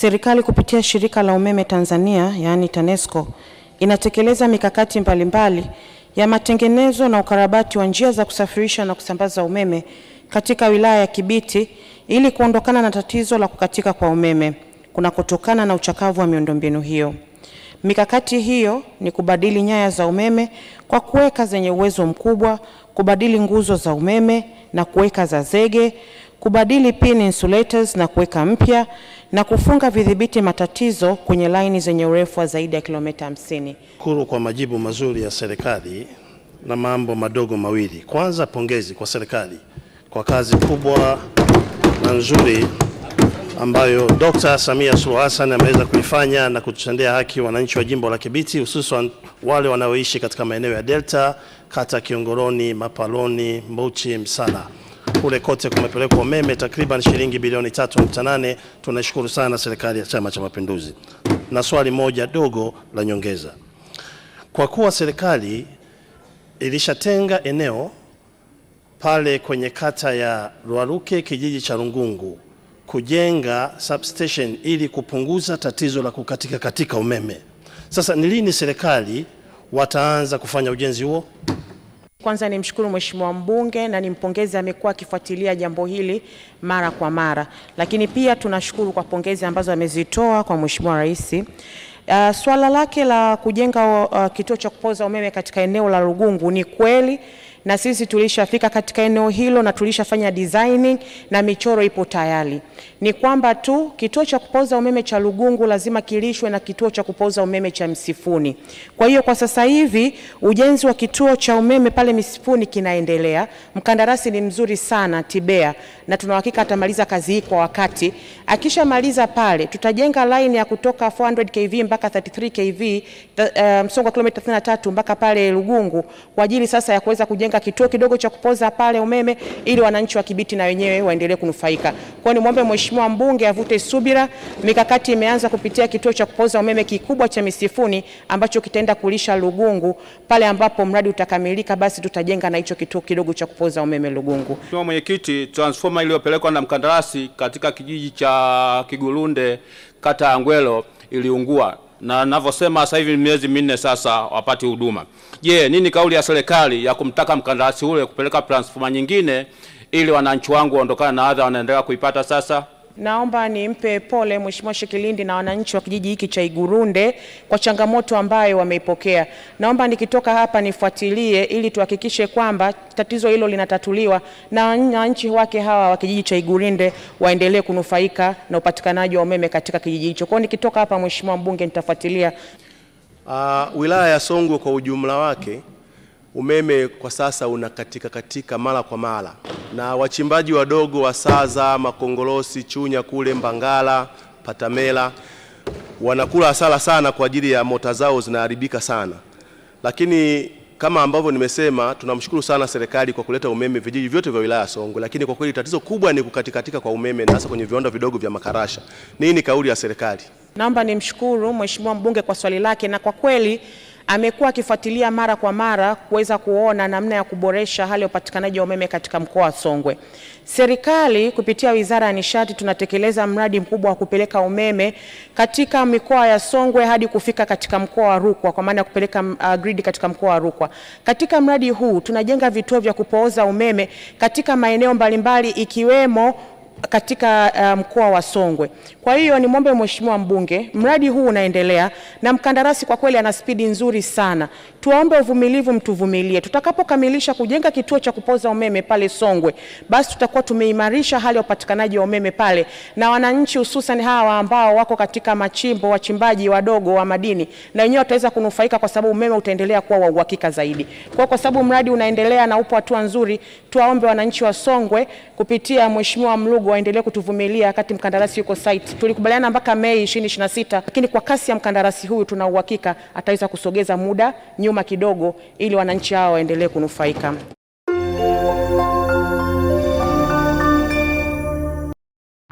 Serikali kupitia shirika la umeme Tanzania yaani TANESCO inatekeleza mikakati mbalimbali mbali ya matengenezo na ukarabati wa njia za kusafirisha na kusambaza umeme katika wilaya ya Kibiti ili kuondokana na tatizo la kukatika kwa umeme kunakotokana na uchakavu wa miundombinu hiyo. Mikakati hiyo ni kubadili nyaya za umeme kwa kuweka zenye uwezo mkubwa, kubadili nguzo za umeme na kuweka za zege, kubadili pin insulators na kuweka mpya na kufunga vidhibiti matatizo kwenye laini zenye urefu wa zaidi ya kilomita 50. Shukuru kwa majibu mazuri ya serikali na mambo madogo mawili. Kwanza, pongezi kwa serikali kwa kazi kubwa na nzuri ambayo Dkt. Samia Suluhu Hassan ameweza kuifanya na kututendea haki wananchi wa jimbo la Kibiti, hususan wale wanaoishi katika maeneo ya Delta, kata Kiongoroni, Mapaloni, Mbuchi, Msala kule kote kumepelekwa umeme takriban shilingi bilioni 3.8. Tunashukuru sana serikali ya Chama cha Mapinduzi. Na swali moja dogo la nyongeza, kwa kuwa serikali ilishatenga eneo pale kwenye kata ya Rwaruke kijiji cha Rungungu kujenga substation ili kupunguza tatizo la kukatika katika umeme. Sasa ni lini serikali wataanza kufanya ujenzi huo? Kwanza mshukuru mheshimiwa mbunge na ni mpongezi amekuwa akifuatilia jambo hili mara kwa mara, lakini pia tunashukuru kwa pongezi ambazo amezitoa kwa mheshimiwa rais. Uh, swala lake la kujenga uh, kituo cha kupoza umeme katika eneo la Rugungu ni kweli na sisi tulishafika katika eneo hilo na tulishafanya designing na michoro ipo tayari. Ni kwamba tu kituo cha kupoza umeme cha Lugungu lazima kilishwe na kituo cha kupoza umeme cha Msifuni. Kwa hiyo kwa sasa hivi ujenzi wa kituo cha umeme pale Msifuni kinaendelea. Mkandarasi ni mzuri sana Tibea, na tuna uhakika atamaliza kazi hii kwa wakati. Akishamaliza pale tutajenga line ya kutoka 400 kV mpaka 33 kV, eh, msongo wa kilomita 33 mpaka pale Lugungu kwa ajili sasa ya kuweza kujenga kujenga kituo kidogo cha kupoza pale umeme ili wananchi wa Kibiti na wenyewe waendelee kunufaika. Kwa ni mwombe mheshimiwa mbunge avute subira. Mikakati imeanza kupitia kituo cha kupoza umeme kikubwa cha Misifuni ambacho kitaenda kulisha Lugungu. Pale ambapo mradi utakamilika, basi tutajenga na hicho kituo kidogo cha kupoza umeme Lugungu. Mheshimiwa Mwenyekiti, transformer iliyopelekwa na mkandarasi katika kijiji cha Kigulunde kata ya Ngwelo iliungua na ninavyosema sasa hivi miezi minne sasa wapati huduma. Je, nini kauli ya serikali ya kumtaka mkandarasi ule kupeleka transfoma nyingine ili wananchi wangu waondokana na adha wanaendelea kuipata sasa? Naomba nimpe pole Mheshimiwa Shekilindi na wananchi wa kijiji hiki cha Igurunde kwa changamoto ambayo wameipokea. Naomba nikitoka hapa nifuatilie ili tuhakikishe kwamba tatizo hilo linatatuliwa na wananchi wake hawa wa kijiji cha Igurunde waendelee kunufaika na upatikanaji wa umeme katika kijiji hicho. Kwa hiyo nikitoka hapa, Mheshimiwa Mbunge, nitafuatilia. Uh, wilaya ya Songwe kwa ujumla wake umeme kwa sasa unakatika katika mara kwa mara na wachimbaji wadogo wa Saza, Makongolosi, Chunya kule Mbangala, Patamela wanakula hasara sana kwa ajili ya mota zao zinaharibika sana, lakini kama ambavyo nimesema, tunamshukuru sana serikali kwa kuleta umeme vijiji vyote vya wilaya Songwe, lakini kwa kweli tatizo kubwa ni kukatikatika kwa umeme na hasa kwenye viwanda vidogo vya makarasha. Nini kauli ya serikali? Naomba nimshukuru mheshimiwa mbunge kwa swali lake na kwa kweli amekuwa akifuatilia mara kwa mara kuweza kuona namna ya kuboresha hali ya upatikanaji wa umeme katika mkoa wa Songwe. Serikali kupitia Wizara ya Nishati tunatekeleza mradi mkubwa wa kupeleka umeme katika mikoa ya Songwe hadi kufika katika mkoa wa Rukwa kwa maana ya kupeleka uh, grid katika mkoa wa Rukwa. Katika mradi huu tunajenga vituo vya kupooza umeme katika maeneo mbalimbali ikiwemo katika eh, mkoa um, wa Songwe. Kwa hiyo ni mwombe mheshimiwa mbunge, mradi huu unaendelea na mkandarasi kwa kweli ana spidi nzuri sana. Tuwaombe uvumilivu, mtuvumilie. Tutakapokamilisha kujenga kituo cha kupoza umeme pale Songwe, basi tutakuwa tumeimarisha hali ya upatikanaji wa umeme pale, na wananchi hususan hawa ambao wako katika machimbo, wachimbaji wadogo wa madini, na wenyewe wataweza kunufaika kwa sababu umeme utaendelea kuwa wa uhakika zaidi. Kwa kwa sababu mradi unaendelea na upo hatua nzuri, tuwaombe wananchi wa Songwe kupitia mheshimiwa Mlugo waendelee kutuvumilia wakati mkandarasi yuko site. Tulikubaliana mpaka Mei 2026, lakini kwa kasi ya mkandarasi huyu tuna uhakika ataweza kusogeza muda nyuma kidogo, ili wananchi hao waendelee kunufaika.